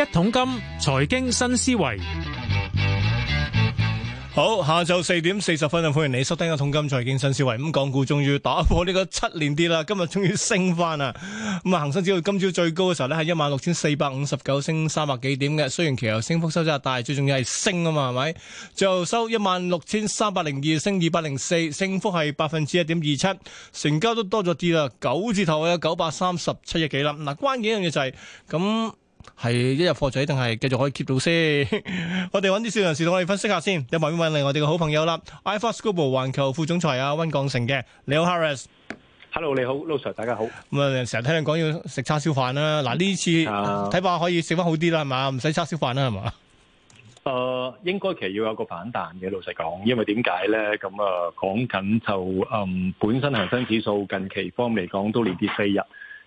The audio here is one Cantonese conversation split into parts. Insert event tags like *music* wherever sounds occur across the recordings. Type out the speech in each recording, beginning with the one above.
一桶金財經新思維，好，下晝四點四十分啊，歡迎你收聽《一桶金財經新思維》。咁，港股終於打破呢個七年跌啦，今日終於升翻啦。咁啊，恒生指數今朝最高嘅時候呢係一萬六千四百五十九，升三百幾點嘅。雖然其後升幅收窄，但係最重要係升啊嘛，係咪？最後收一萬六千三百零二，升二百零四，升幅係百分之一點二七，成交都多咗啲啦，九字頭有，九百三十七億幾啦。嗱，關鍵一樣嘢就係咁。係一日貨仔定係繼續可以 keep 到先？我哋揾啲少人士同我哋分析一下先。有冇話要揾嚟我哋嘅好朋友啦？iForce Global 環球副總裁啊溫鋼城嘅，你好 Harris。Hello，你好 Louis，大家好。咁、嗯、啊，成日聽人講要食叉燒飯啦。嗱呢次睇法可以食翻好啲啦，係嘛？唔使叉燒飯啦，係嘛？誒、uh,，應該其實要有一個反彈嘅，老實講，因為點解咧？咁、嗯、啊，講緊就誒、嗯，本身恒生指數近期方面嚟講都連跌四日。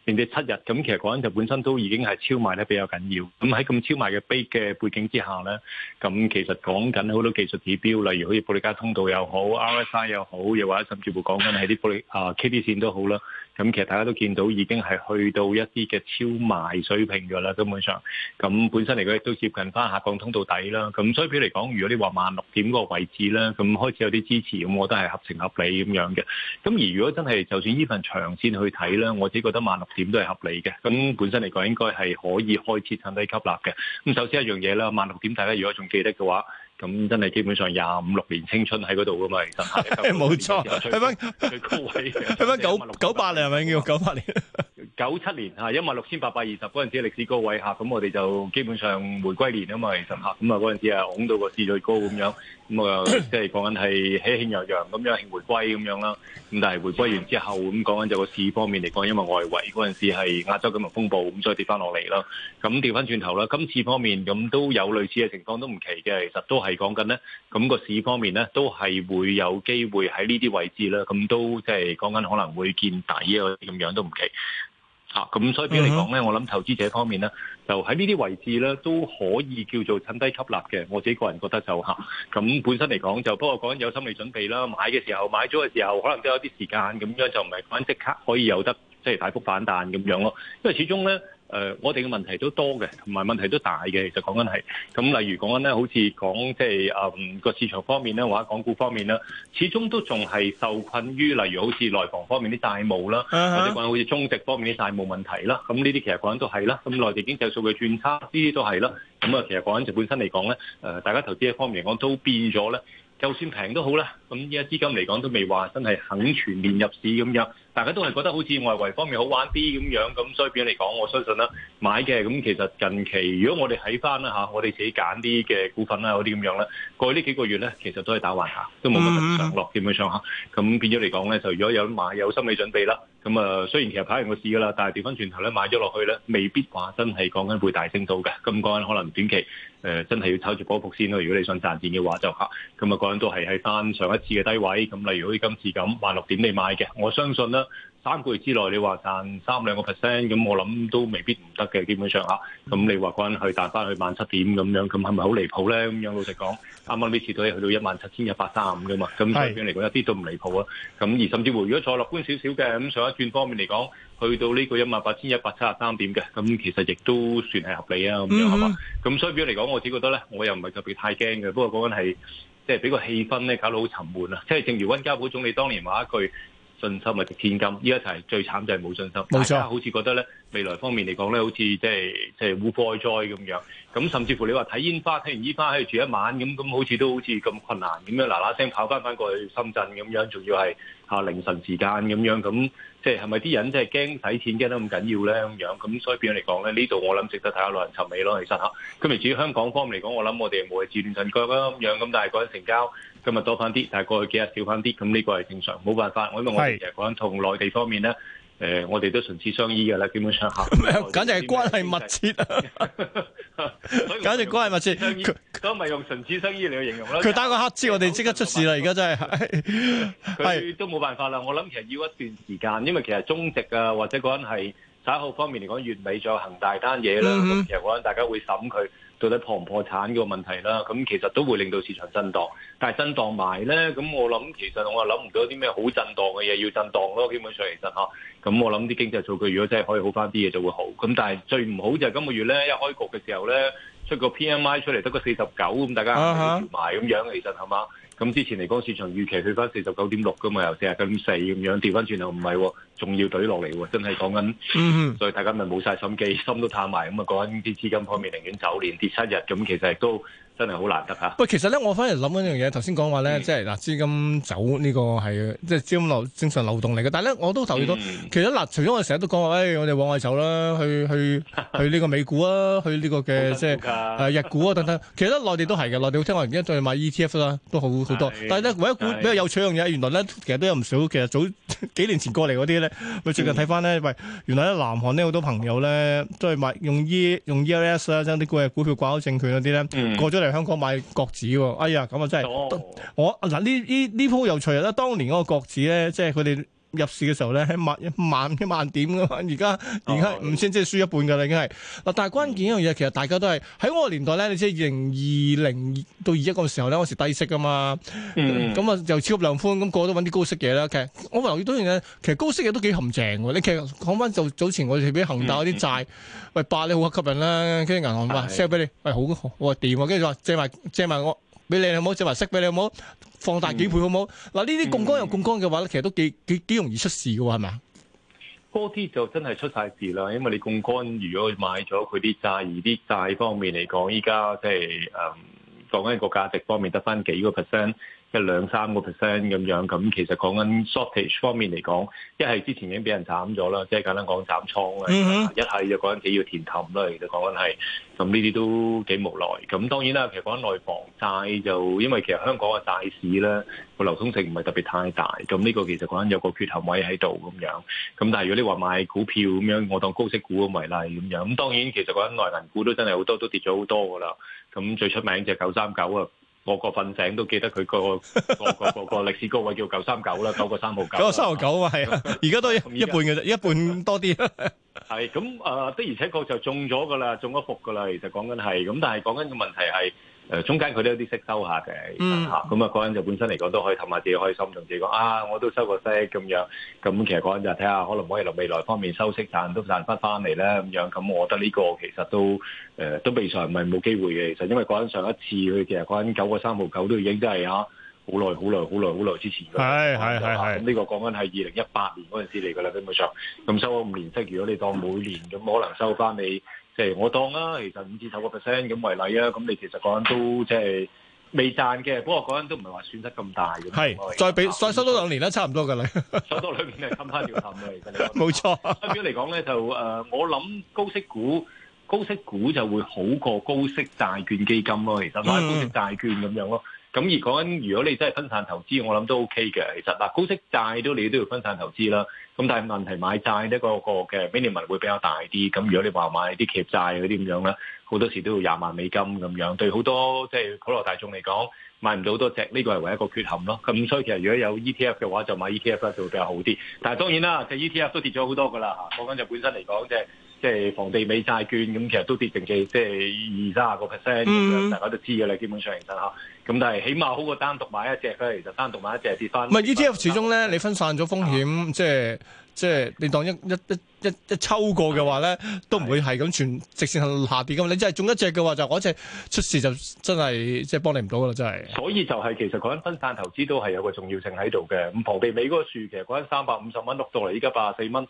連跌七日咁，其實嗰陣時本身都已經係超賣得比較緊要。咁喺咁超賣嘅背嘅背景之下咧，咁其實講緊好多技術指標，例如好似保歷加通道又好、RSI 又好，又或者甚至乎講緊喺啲保歷加啊 KD 線都好啦。咁其實大家都見到已經係去到一啲嘅超賣水平㗎啦，根本上咁本身嚟講亦都接近翻下降通道底啦。咁所以，譬如嚟講，如果你話萬六點嗰個位置咧，咁開始有啲支持，咁我都係合情合理咁樣嘅。咁而如果真係就算呢份長線去睇咧，我自己覺得萬六點都係合理嘅。咁本身嚟講應該係可以開始趁低吸納嘅。咁首先一樣嘢啦，萬六點大家如果仲記得嘅話。咁真係基本上廿五六年青春喺嗰度噶嘛，其實係冇 *laughs* 錯，佢翻最高位嘅，翻 *laughs* *laughs* 九九八年係咪叫九八年？ *laughs* 是 *laughs* 九七年嚇，一萬六千八百二十嗰陣時歷史高位嚇，咁我哋就基本上回歸年啊嘛，十實咁啊嗰陣時啊拱到個市最高咁樣，咁、嗯、啊、呃、即係講緊係喜慶洋洋咁樣，回歸咁樣啦。咁但係回歸完之後，咁講緊就個市方面嚟講，因為外圍嗰陣時係亞洲金融風暴，咁所以跌翻落嚟咯。咁調翻轉頭啦，今次方面咁都有類似嘅情況，都唔奇嘅。其實都係講緊咧，咁、個市方面咧都係會有機會喺呢啲位置咧，咁都即係講緊可能會見底啊，咁樣都唔奇。咁、 *noise* 啊、所以，嚟講咧，我諗投資者方面咧，就喺呢啲位置咧，都可以叫做趁低吸納嘅。我自己個人覺得就吓，咁、啊、本身嚟講就不過講緊有心理準備啦。買嘅時候，買咗嘅時候，可能都有啲時間咁樣，就唔係講即刻可以刻有得。即係大幅反彈咁樣咯，因為始終咧，誒、呃，我哋嘅問題都多嘅，同埋問題都大嘅，其實講緊係咁。例如講緊咧，好似講即係誒個市場方面咧，或者港股方面咧，始終都仲係受困於例如好似內房方面啲債務啦，uh -huh. 或者講好似中植方面啲債務問題啦，咁呢啲其實講緊都係啦。咁內地經濟數據轉差，呢啲都係啦。咁啊，其實講緊就本身嚟講咧，誒、呃，大家投資嘅方面嚟講都變咗咧。就算平都好啦，咁依家資金嚟講都未話真係肯全面入市咁樣。大家都係覺得好似外圍方面好玩啲咁樣，咁所以變咗嚟講，我相信啦買嘅咁其實近期如果我哋喺翻啦嚇，我哋自己揀啲嘅股份啦嗰啲咁樣啦，過去呢幾個月咧其實都係打橫下，都冇乜上落，基本上嚇，咁變咗嚟講咧，就如果有買有心理準備啦，咁啊雖然其實跑完個市噶啦，但係調翻轉頭咧買咗落去咧，未必話真係講緊會大升到嘅，咁講緊可能短期誒呃真係要炒住波幅先咯。如果你想賺錢嘅話就嚇，咁啊講緊都係喺翻上一次嘅低位咁，例如好似今次咁萬六點你買嘅，我相信啦。三個月之內，你話賺三兩個 percent，咁我諗都未必唔得嘅。基本上嚇，咁你話個人去彈返去萬七點咁樣，咁係咪好離譜咧？咁樣老實講，啱啱呢次都係去到一萬七千一百三十五嘅嘛，咁所以嚟講一啲都唔離譜啊。咁而甚至乎，如果再樂觀少少嘅，咁上一轉方面嚟講，去到呢個一萬八千一百七十三點嘅，咁其實亦都算係合理啊。咁樣係嘛？咁、mm -hmm. 所以表嚟講，我只覺得咧，我又唔係特別太驚嘅。不過講緊係，即係俾個氣氛咧，搞到好沉悶啊！即、就、係、是、正如温家寶總理當年話一句。信心即係千金，依家就係最慘就係冇信心。冇錯，好似覺得咧，未來方面嚟講咧，好似即係即係烏乾災咁樣。咁甚至乎你話睇煙花，睇完煙花喺度住一晚，咁咁好似都好似咁困難，咁樣，嗱嗱聲跑翻翻過去深圳咁樣，仲要係嚇凌晨時間咁樣，咁即係係咪啲人即係驚使錢驚得咁緊要咧咁樣？咁所以變咗嚟講咧，呢度我諗值得睇下耐人尋味咯。其實嚇，咁而至於香港方面嚟講，我諗我哋冇係自亂陣腳啊咁樣，咁但係嗰陣成交。今日多翻啲，但係過去幾日少翻啲，咁呢個係正常，冇辦法。我因為我哋其實講緊同內地方面咧，誒、呃，我哋都唇齒相依㗎啦，基本上嚇。簡 *laughs* 簡直係關係密切 *laughs* *laughs* 簡直關係密切。都唔係用唇齒相依嚟去形容啦。佢打個乞嗤，我哋即刻出事啦！而家真係，佢 *laughs* 都冇辦法啦。我諗其實要一段時間，因為其實中植啊，或者嗰人係。散戶方面嚟講，月尾再有恒大單嘢啦，咁、mm -hmm. 其實我諗大家會審佢到底破唔破產個問題啦，咁其實都會令到市場震盪。但係震盪埋咧，咁我諗其實我諗唔到啲咩好震盪嘅嘢要震盪咯。基本上其實嚇，咁我諗啲經濟數據如果真係可以好翻啲嘢，就會好。咁但係最唔好就係今個月咧一開局嘅時候咧，出個 PMI 出嚟得個四十九，咁大家嚇嚇調埋咁樣，其實係嘛？咁之前嚟講市場預期去翻四十九點六噶嘛，由四十九點四咁樣調翻轉頭唔係喎。仲要隊落嚟喎，真係講緊，所以大家咪冇晒心機，心都探埋咁啊！講緊啲資金方面，寧願走連跌七日，咁其實都真係好難得嚇。喂，其實咧，我反而諗緊一樣嘢，頭先講話咧、嗯，即係嗱，資金走呢個係即係資金流正常流動嚟嘅。但係咧，我都留意到、嗯，其實嗱，除咗我成日都講話，誒、哎、我哋往外走啦，去去去呢個美股啊，去呢個嘅 *laughs* 即係日股啊 *laughs* 等等。其實咧，內地都係嘅，內地好聽話而家再買 ETF 啦，都好好多。但係咧，唯一股比較有趣嘅樣嘢，原來咧其實都有唔少，其實早幾年前過嚟嗰啲我最近睇翻咧，喂，原來咧南韓咧好多朋友咧都係買用 E 用 ELS 啦，將啲股嘅股票掛鈎證券嗰啲咧過咗嚟香港買國指、哦，哎呀，咁啊真係、哦，我嗱呢呢呢鋪有趣啊，當年嗰個國指咧，即係佢哋。入市嘅時候咧，係萬一萬一萬點噶嘛，而家而家五千即係輸一半噶啦，已經係。嗱，但係關鍵一樣嘢，其實大家都係喺我個年代咧，你知二零二零到二一嗰個時候咧，嗰時低息噶嘛，咁啊就超級量寬，咁過咗揾啲高息嘢啦。其實我留意到一樣嘢，其實高息嘢都幾陷阱。你其實講翻就早前我哋俾恒大嗰啲債，mm -hmm. 喂，八厘好吸引啦，跟住銀行話 sell 俾你，喂好，好好好啊、我話掂，跟住話借埋借埋我俾你好唔好？借埋息俾你好唔好？放大幾倍好冇？嗱呢啲槓桿又槓桿嘅話咧、嗯，其實都幾幾幾容易出事嘅喎，係咪？嗰啲就真係出晒事啦，因為你槓桿，如果買咗佢啲債，而啲債方面嚟講，依家即係誒講緊個價值方面得返幾個 percent。即兩三個 percent 咁樣，咁其實講緊 shortage 方面嚟講，一係之前已經俾人斬咗啦，即係簡單講斬倉啦，一係就講緊幾要填氹啦，其實講緊係，咁呢啲都幾無奈。咁當然啦，其實講緊內房債就，因為其實香港嘅債市咧，個流通性唔係特別太大，咁呢個其實講緊有個缺陷位喺度咁樣。咁但係如果你話買股票咁樣，我當高息股咁咪例咁樣。咁當然其實講緊內銀股都真係好多都跌咗好多噶啦。咁最出名就九三九啊。個個瞓醒都記得佢個個個個個歷史高位叫九三九啦，九個三毫九，九個三毫九啊，係啊，而家都一半嘅啫，一半多啲。係咁啊，的而且確就中咗噶啦，中咗伏噶啦，其實講緊係，咁但係講緊個問題係。中間佢都有啲息收下嘅，咁啊嗰陣就本身嚟講都可以氹下自己開心，同自己講啊，我都收過息咁樣。咁其實嗰陣就睇下可能唔可以留未來方面收息賺都賺翻翻嚟咧咁樣。咁我覺得呢個其實都誒、呃、都未上唔係冇機會嘅。其實因為嗰陣上一次佢其實嗰陣九個三毫九都已經都係啊好耐好耐好耐好耐之前嘅，咁呢個講緊係二零一八年嗰陣時嚟㗎啦，基本上咁收咗五年息，如果你當每年咁，可能收翻你。即係我當啦，其實五至十個 percent 咁為例啊，咁你其實講都即係未賺嘅，不過講都唔係話損得咁大嘅。係，再俾再收多兩年啦，差唔多㗎啦。收多兩年係冚返條氹嘅，其實冇錯。一般嚟講咧，就誒，我諗高息股高息股就會好過高息債券基金咯，其實買高息債券咁樣咯。咁而講緊，如果你真係分散投資，我諗都 OK 嘅。其實嗱，高息債都你都要分散投資啦。咁但係問題買債呢、嗰個、嗰個嘅 minimum 會比較大啲。咁如果你話買啲企業債嗰啲咁樣啦，好多時都要廿萬美金咁樣，對好多即係普羅大眾嚟講買唔到好多隻。呢個係唯一一個缺陷咯。咁所以其實如果有 ETF 嘅話，就買 ETF 就會比較好啲。但係當然啦，即 ETF 都跌咗好多噶啦。嗰間就本身嚟講即係。即係房地美債券，咁其實都跌成幾即係二三廿個 percent，大家都知嘅啦。基本上其真吓。咁但係起碼好過單獨買一隻，佢其實單獨買一隻跌翻，唔係 ETF，始終咧你分散咗風險，啊、即係即係你當一一一一,一抽過嘅話咧，都唔會係咁全直線下跌嘅嘛。你真係中一隻嘅話，就嗰隻出事就真係即係幫你唔到啦，真係。所以就係其實講緊分散投資都係有個重要性喺度嘅。咁房地美嗰個樹其實講緊三百五十蚊碌到嚟，依家八十四蚊。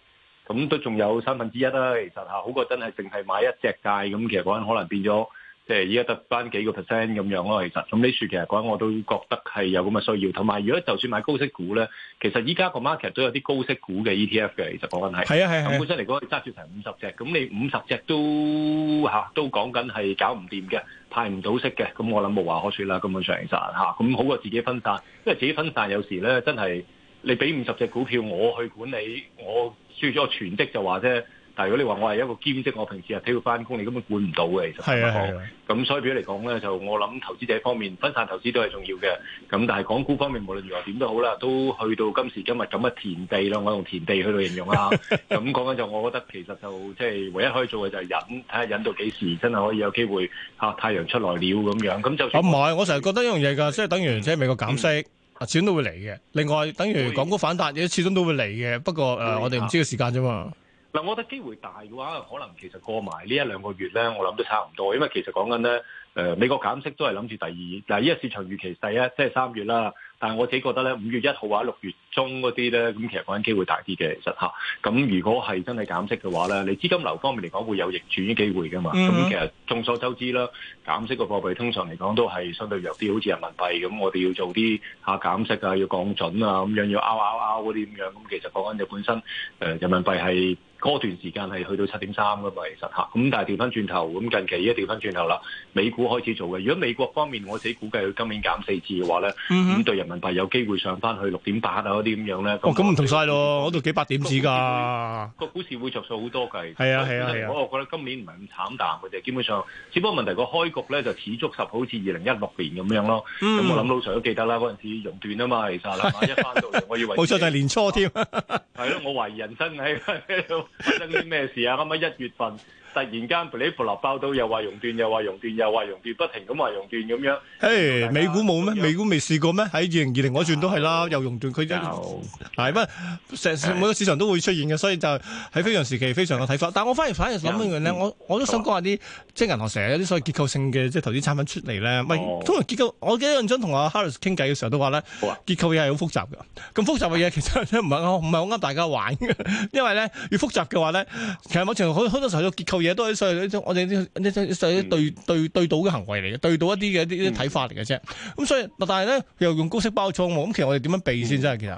咁都仲有三分之一啦，其實好過真係淨係買一隻街咁，其實講可能變咗，即係依家得返幾個 percent 咁樣咯。其實咁呢處其實講我都覺得係有咁嘅需要，同埋如果就算買高息股咧，其實依家個 market 都有啲高息股嘅 ETF 嘅，其實講緊係。啊咁本身嚟講揸住成五十隻，咁、啊啊、你五十隻都都講緊係搞唔掂嘅，派唔到息嘅，咁我諗無話可說啦。根本上其實咁好過自己分散，因為自己分散有時咧真係你俾五十隻股票我去管理我。最主要全職就話啫，但係如果你話我係一個兼職，我平時係睇佢翻工，你根本管唔到嘅，其實咁所以嚟講咧，就我諗投資者方面分散投資都係重要嘅。咁但係港股方面，無論如何點都好啦，都去到今時今日咁嘅田地啦，我用田地去到形容啦。咁講緊就，我覺得其實就即係唯一可以做嘅就係忍，睇下忍到幾時，真係可以有機會吓太陽出來了咁樣。咁就算。唔係，我成日覺得一樣嘢㗎，即係等完即係美國減息。嗯啊，始終都會嚟嘅。另外，等於港股反彈，亦都始終都會嚟嘅。不過，誒、呃，我哋唔知道個時間啫嘛。嗱、嗯，我覺得機會大嘅話，可能其實過埋呢一兩個月咧，我諗都差唔多。因為其實講緊咧。誒美國減息都係諗住第二，但係依個市場預期第一啊，即係三月啦。但係我自己覺得咧，五月一號或者六月中嗰啲咧，咁其實講緊機會大啲嘅，其實嚇。咁如果係真係減息嘅話咧，你資金流方面嚟講會有逆轉嘅機會㗎嘛。咁其實眾所周知啦，減息個貨幣通常嚟講都係相對弱啲，好似人民幣咁，我哋要做啲嚇減息啊，要降準啊，咁樣要拗拗拗嗰啲咁樣。咁其實講緊就本身誒、呃、人民幣係嗰段時間係去到七點三㗎嘛，其實嚇。咁但係調翻轉頭，咁近期依家調翻轉頭啦，美股。開始做嘅，如果美國方面我自己估計佢今年減四次嘅話咧，咁、嗯、對人民幣有機會上翻去六點八啊嗰啲咁樣咧。咁唔同晒咯，嗰度幾百點子噶。個股市會着數好多計。係啊係啊係啊。我我覺得今年唔係咁慘淡嘅啫，基本上，只不過問題個開局咧就始足十好似二零一六年咁樣咯。咁、嗯、我諗老 Sir 都記得啦，嗰陣時熔斷啊嘛，其實啦， *laughs* 一翻到嚟我以為冇錯就係年初添。係咯，我懷疑人生喺 *laughs* 發生啲咩事啊，啱啱一月份。突然間噼里啪啦爆到，又話熔斷，又話熔斷，又話熔斷，斷斷不停咁話熔斷咁樣 hey。美股冇咩？美股未試過咩？喺二零二零嗰轉都係啦，呃、又熔斷佢。好，係、呃、不，成每個市場都會出現嘅，所以就喺非常時期非常嘅睇法。但我反而反而諗一樣咧、呃，我我都想講下啲，即係銀行成日有啲所謂結構性嘅即係投資產品出嚟咧。咪、哦、通常結構，我記得印象同阿 Harris 傾偈嘅時候都話咧、啊，結構嘢係好複雜嘅。咁複雜嘅嘢其實咧唔係唔係好啱大家玩嘅，因為咧越複雜嘅話咧，其實某程度好多時候都結構。嘢都係所謂一種，我哋啲啲啲所謂對對對賭嘅行為嚟嘅，對賭一啲嘅一啲睇法嚟嘅啫。咁所以，嗱但係咧，又用高息包倉喎。咁其實我哋點樣避先真係其實。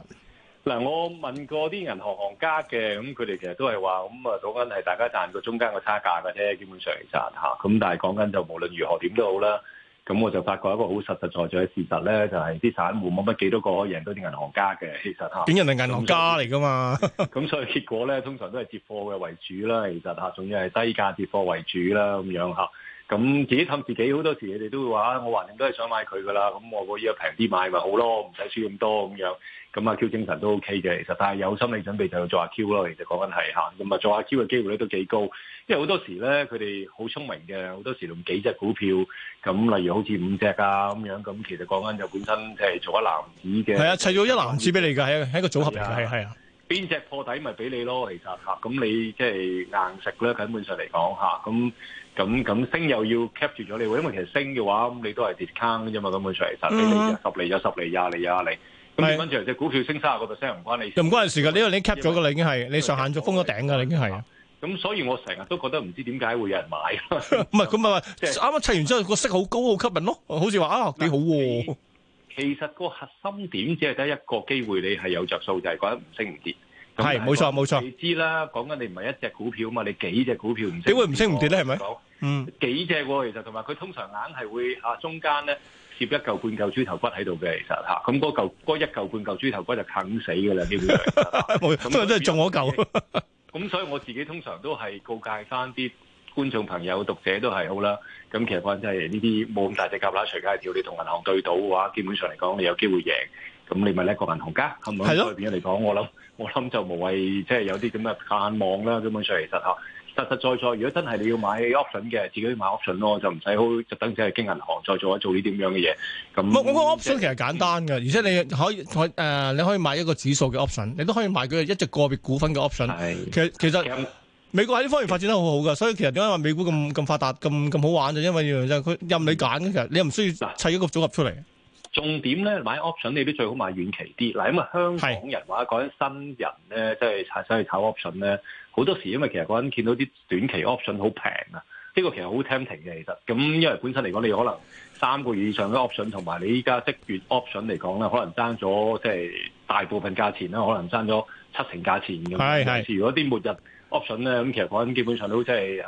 嗱，我問過啲銀行行家嘅，咁佢哋其實都係話，咁啊講緊係大家賺個中間個差價嘅啫，基本上其實吓。咁但係講緊就，無論如何點都好啦。咁我就發覺一個好實實在在嘅事實咧，就係啲散戶冇乜幾多個贏到啲銀行家嘅，其實吓，點人係銀行家嚟㗎嘛？咁 *laughs* 所以結果咧，通常都係接貨嘅為主啦，其實吓，仲要係低價接貨為主啦，咁樣吓咁自己氹自己好多時，你哋都會話，我橫掂都係想買佢噶啦。咁我個依家平啲買咪好咯，唔使輸咁多咁樣。咁阿 Q 精神都 OK 嘅，其實，但係有心理準備就要做阿 Q 咯。其實講緊係嚇，咁啊做阿 Q 嘅機會率都幾高，因為好多時咧佢哋好聰明嘅，好多時用幾隻股票，咁例如好似五隻啊咁樣，咁其實講緊就本身即係做一籃子嘅。係啊，砌咗一籃子俾你㗎，係一個組合㗎，係啊。邊隻、啊啊、破底咪俾你咯，其實嚇，咁你即係硬食咧，根本上嚟講嚇，咁。咁咁升又要 cap 住咗你喎，因為其實升嘅話，咁你都係跌 down 嘅啫嘛，咁佢出嚟，十釐有十釐，廿釐有廿釐，咁跟住，隻股票升三十個 percent，升唔關你，唔關事㗎，因為你 cap 咗㗎啦，已經係你上限就封咗頂㗎啦，已經係。咁所以我成日都覺得唔知點解會有人買。唔係，咁啊，即係啱啱砌完之後，個息好高，好吸引咯，好似話啊幾好喎。其實個核心點只係得一個機會，你係有著數，就係覺得唔升唔跌。係冇錯冇錯，你知啦，講緊你唔係一隻股票嘛，你幾隻股票唔？點會唔升唔跌咧？係咪？嗯，幾隻其實，同埋佢通常硬係會啊，中間咧，攝一嚿半嚿豬頭骨喺度嘅，其實吓，咁嗰嚿嗰一嚿半嚿豬頭骨就啃死噶啦呢樣，都係都係中我嚿。咁所以我自己通常都係告誡翻啲觀眾朋友、讀者都係好啦。咁其實講真係呢啲冇咁大隻蛤乸，隨街跳，你同銀行對賭嘅話，基本上嚟講，你有機會贏。.咁、嗯、你咪叻個銀行家，係、嗯、咪？喺變咗嚟講，我諗我諗就無謂，即、就、係、是、有啲咁嘅盼望啦。基本上，其實吓實實在，在在，如果真係你要買 option 嘅，自己買 option 咯，就唔使好，就等於只係經銀行再做一做呢啲咁樣嘅嘢。咁我我 option 其實簡單嘅、嗯，而且你可以誒、呃，你可以買一個指數嘅 option，你都可以買佢一隻個別股份嘅 option。其實其實，其實美國喺呢方面發展得好好噶，所以其實點解話美股咁咁發達咁咁好玩就因為就佢任你揀，其實你又唔需要砌一個組合出嚟。重點咧，買 option 你都最好買遠期啲，嗱因為香港人或者講新人咧，即係炒所去炒 option 咧，好多時因為其實嗰陣見到啲短期 option 好平啊，呢、呢個其實好 tempting 嘅其實，咁因為本身嚟講你可能三個月以上嘅 option，同埋你依家即月 option 嚟講咧，可能爭咗即係大部分價錢啦，可能爭咗七成價錢咁，但係，如果啲末日 option 咧，咁其實嗰陣基本上都即係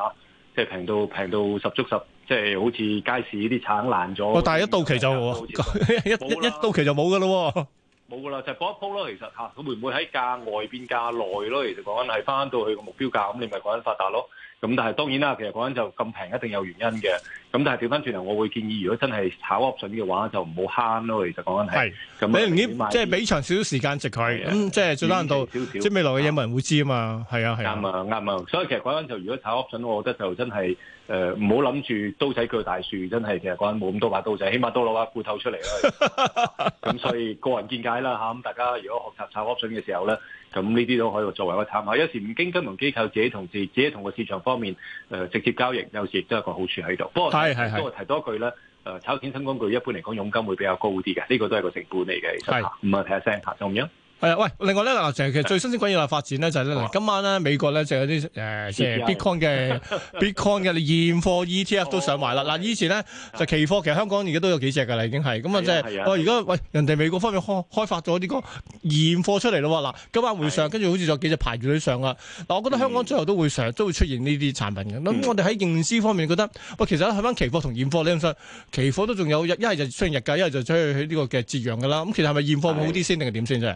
即係平到平到十足十。即係好似街市啲橙爛咗，喔，但係一到期就好、嗯、 *laughs* 一 *laughs* 一，哈哈哈一,一到期就冇喇咯，冇㗎啦，就搏、是、一鋪咯。其實吓，佢會唔會喺價外變價內咯？其實講緊係翻到去個目標價，咁你咪講緊發達咯。咁但係當然啦，其實講緊就咁平，一定有原因嘅。咁但係調翻轉頭，我會建議，如果真係炒 option 嘅話，就唔好慳咯。其實講緊係，咁俾唔即係俾長少少時間值佢。咁即係最攤到，即係未來嘅嘢冇人會知啊嘛？係啊，係啱啊，啱啊。所以其實講緊就，如果炒 option，我覺得就真係誒唔好諗住刀仔鋸大樹，真係其實講緊冇咁多把刀仔，起碼都攞把固頭出嚟咯。咁 *laughs* 所以個人見解啦嚇，咁大家如果學習炒 option 嘅時候咧。咁呢啲都可以作為一個參考，有時唔經金融機構自己同事，自己同個市場方面誒、呃、直接交易，有時亦都係個好處喺度。不過不過提多句咧，誒、啊、炒衍生工具一般嚟講佣金會比較高啲嘅，呢、呢個都係個成本嚟嘅。唔係睇下聲嚇，咁樣。係啊，喂！另外咧嗱，其實其實最新鮮滾熱嘅發展咧就咧嗱、啊，今晚咧美國咧就有啲誒即係 Bitcoin 嘅 *laughs* Bitcoin 嘅現貨 ETF 都上埋啦。嗱、哦啊，以前咧就期貨，其實香港而家都有幾隻噶啦，已經係咁啊，即係、啊、喂，而家喂人哋美國方面開開發咗啲個現貨出嚟咯。嗱，今晚會上，跟住、啊、好似仲有幾隻排你上啊。嗱，我覺得香港最後都會上，嗯、都會出現呢啲產品嘅。咁、嗯、我哋喺認知方面覺得，喂、啊，其實睇翻期貨同現貨，你唔上期貨都仲有，一係就出現日價，一係就出去喺呢個嘅折讓噶啦。咁其實係咪現貨好啲先，定係點先啫？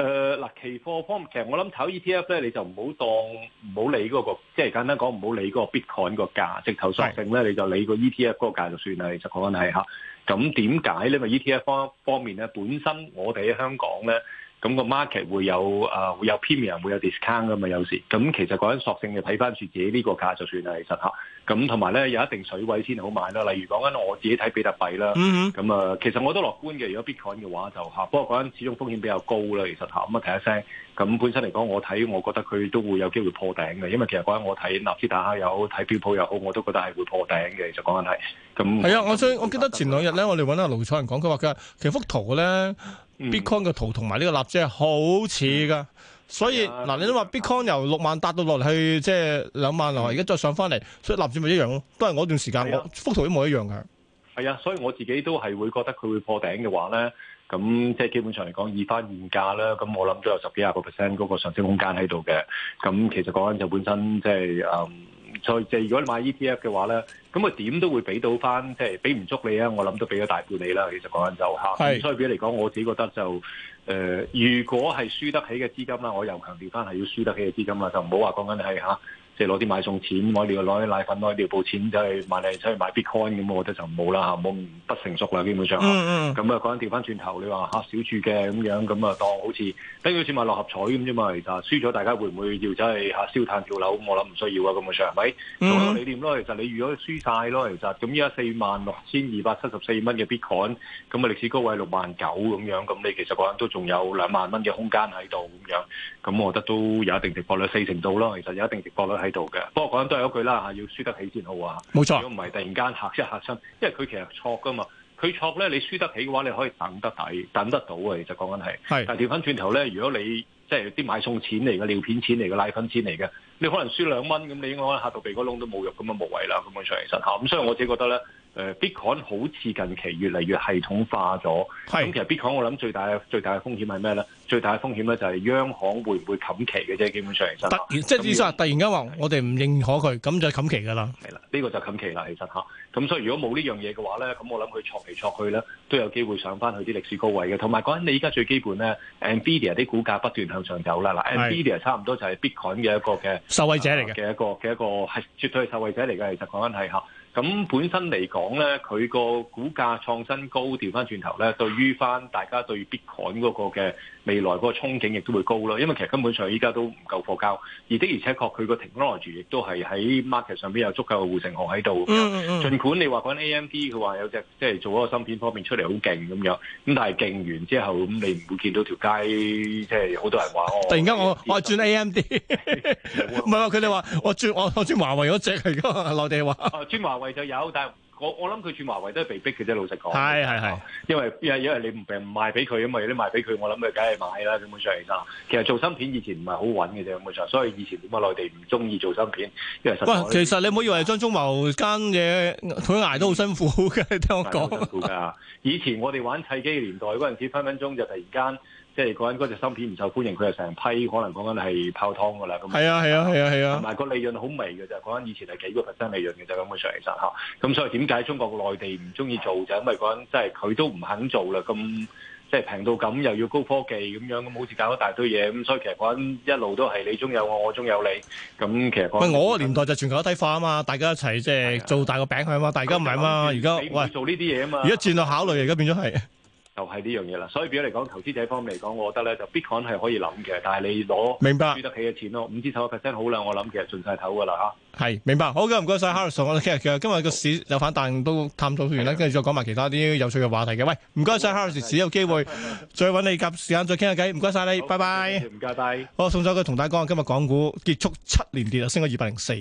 誒、呃、嗱，期貨方面其實我諗炒 ETF 咧，你就唔好當唔好理嗰、嗰個，即係簡單講唔好理嗰個 Bitcoin 個價，直頭索性咧你就理個 ETF 嗰個價就算啦，其實講緊係嚇。咁點解咧？因為 ETF 方方面咧，本身我哋喺香港咧。咁個 market 會有啊、呃、會有 premium，會有 discount 㗎嘛有時，咁其實嗰陣索性就睇翻住自己呢個價就算啦，其實吓，咁同埋咧，有一定水位先好買啦。例如講緊我自己睇比特幣啦，咁啊，mm-hmm，其實我都樂觀嘅。如果 Bitcoin 嘅話就吓，不過嗰陣始終風險比較高啦，其實吓，咁啊，提一聲。咁本身嚟講，我睇，我覺得佢都會有機會破頂嘅，因為其實講我睇納斯達克又好，睇標普又好，我都覺得係會破頂嘅。就講緊係咁。係啊，我最我記得前兩日咧，我哋搵阿盧彩人講，佢話佢其實幅、嗯、圖咧，Bitcoin 嘅圖同埋呢個納指係好似噶。所以嗱、啊，你都話 Bitcoin 由六萬達到落去，即係兩萬落而家再上翻嚟，所以納指咪一樣咯，都係我段時間幅圖一模一樣㗎，係啊，所以我自己都係會覺得佢會破頂嘅話咧。咁即係基本上嚟講，以翻現價啦。咁我諗都有十幾廿個 percent 嗰個上升空間喺度嘅。咁其實講緊就本身即係誒，再、就、借、是嗯就是、如果你買 E T F 嘅話咧，咁佢點都會俾到翻，即係俾唔足你啊！我諗都俾咗大半你啦。其實講緊就嚇，所以嚟講，我自己覺得就、呃、如果係輸得起嘅資金啦，我又強調翻係要輸得起嘅資金啦，就唔好話講緊係嚇。啊。即係攞啲買餸錢，攞啲攞啲奶粉，攞啲尿布錢，走去買嚟出去買 bitcoin 咁，我覺得就冇啦嚇，冇不成熟啦，基本上。咁啊講翻調翻轉頭，你話嚇小注嘅咁樣，咁啊當好似等於好似買六合彩咁啫嘛，其實輸咗大家會唔會要走去嚇燒炭跳樓？我諗唔需要啊，基本上咪同一個理念咯。其實你如果輸晒咯，其實咁依家四萬六千二百七十四蚊嘅 bitcoin，咁啊歷史高位六萬九咁樣，咁你其實講緊都仲有兩萬蚊嘅空間喺度咁樣，咁我覺得都有一定跌幅率四成度咯。其實有一定跌幅率係度嘅，不過講緊都係嗰句啦嚇，要輸得起先好啊。冇錯，如果唔係突然間嚇一嚇親，因為佢其實錯㗎嘛，佢錯咧，你輸得起嘅話，你可以等得抵，等得到嘅。其實講緊係，但調翻轉頭咧，如果你即係啲買餸錢嚟嘅、尿片錢嚟嘅、奶粉錢嚟嘅，你可能輸兩蚊，咁你應該嚇到鼻哥窿都冇肉咁，啊無謂啦。咁樣上起身嚇，咁所以我自己覺得咧。誒、uh, Bitcoin 好似近期越嚟越系統化咗，咁其實 Bitcoin 我諗最大嘅最大嘅風險係咩咧？最大嘅風險咧就係央行會唔會冚期嘅啫，基本上其實。突然即係意思話，突然間話我哋唔認可佢，咁就係冚期噶啦。係啦，呢、這個就係冚期啦，其實吓，咁所以如果冇呢樣嘢嘅話咧，咁我諗佢挫嚟挫去咧都有機會上翻去啲歷史高位嘅。同埋講緊你而家最基本咧，Nvidia 啲股價不斷向上走啦。嗱，Nvidia 差唔多就係 Bitcoin 嘅一個嘅受惠者嚟嘅，嘅、啊、一個嘅一個係絕對係受惠者嚟嘅。其實咁本身嚟講咧，佢個股價創新高，調翻轉頭咧，對於翻大家對 Bitcoin 嗰個嘅。未來嗰個憧憬亦都會高咯，因為其實根本上依家都唔夠貨交，而的而且確佢個 technology 亦都係喺 market 上邊有足夠嘅護城河喺度。嗯嗯。儘管你話講 AMD 佢話有隻即係做嗰個芯片方面出嚟好勁咁樣，咁但係勁完之後咁你唔會見到條街即係好多人話突然間我我，我轉 AMD，唔係喎，佢哋話我轉我我轉華為嗰隻嚟㗎內地話。轉 *laughs* 啊、轉華為就有，但。我我諗佢轉華為都係被逼嘅啫，老實講。係係係，因為因為因為你唔唔賣俾佢啊嘛，有啲賣俾佢，我諗佢梗係買啦。根本上其實，其實做芯片以前唔係好穩嘅啫，咁本上。所以以前點解內地唔中意做芯片？因為實。喂，其實你唔好以為張忠謀間嘢佢捱得好辛苦嘅，你聽我講。辛苦㗎！以前我哋玩砌機嘅年代嗰陣時，分分鐘就突然間。即係講緊嗰隻芯片唔受歡迎，佢就成批可能講緊係泡湯噶啦。咁係啊係啊係啊係啊，同埋個利潤好微嘅啫。講緊以前係幾個 percent 利潤嘅就咁嘅上嚟曬嚇。咁所以點解中國內地唔中意做就因為講緊即係佢都唔肯做啦。咁即係平到咁又要高科技咁樣，咁好似搞咗一大堆嘢。咁所以其實講緊一路都係你中有我，我中有你。咁其實講緊唔係我個年代就全球一體化啊嘛，大家一齊即係做大個餅係嘛，大家唔係啊嘛。而家喂做呢啲嘢啊嘛，而家轉到考慮而家變咗係。就係、是、呢樣嘢啦，所以變咗嚟講，投資者方面嚟講，我覺得咧就 Bitcoin 係可以諗嘅，但係你攞輸得起嘅錢咯，五至十個 percent 好啦。我諗其實盡晒頭噶啦吓，係明白，好嘅，唔該晒 Harris 我哋今日其實今日個市有反彈都探討完啦，跟住再講埋其他啲有趣嘅話題嘅。喂，唔該晒 Harris 市有機會再揾你夾時間再傾下偈，唔該晒你，拜拜。唔該曬。好，送走佢同大家講，今日港股結束七年跌就升咗二百零四。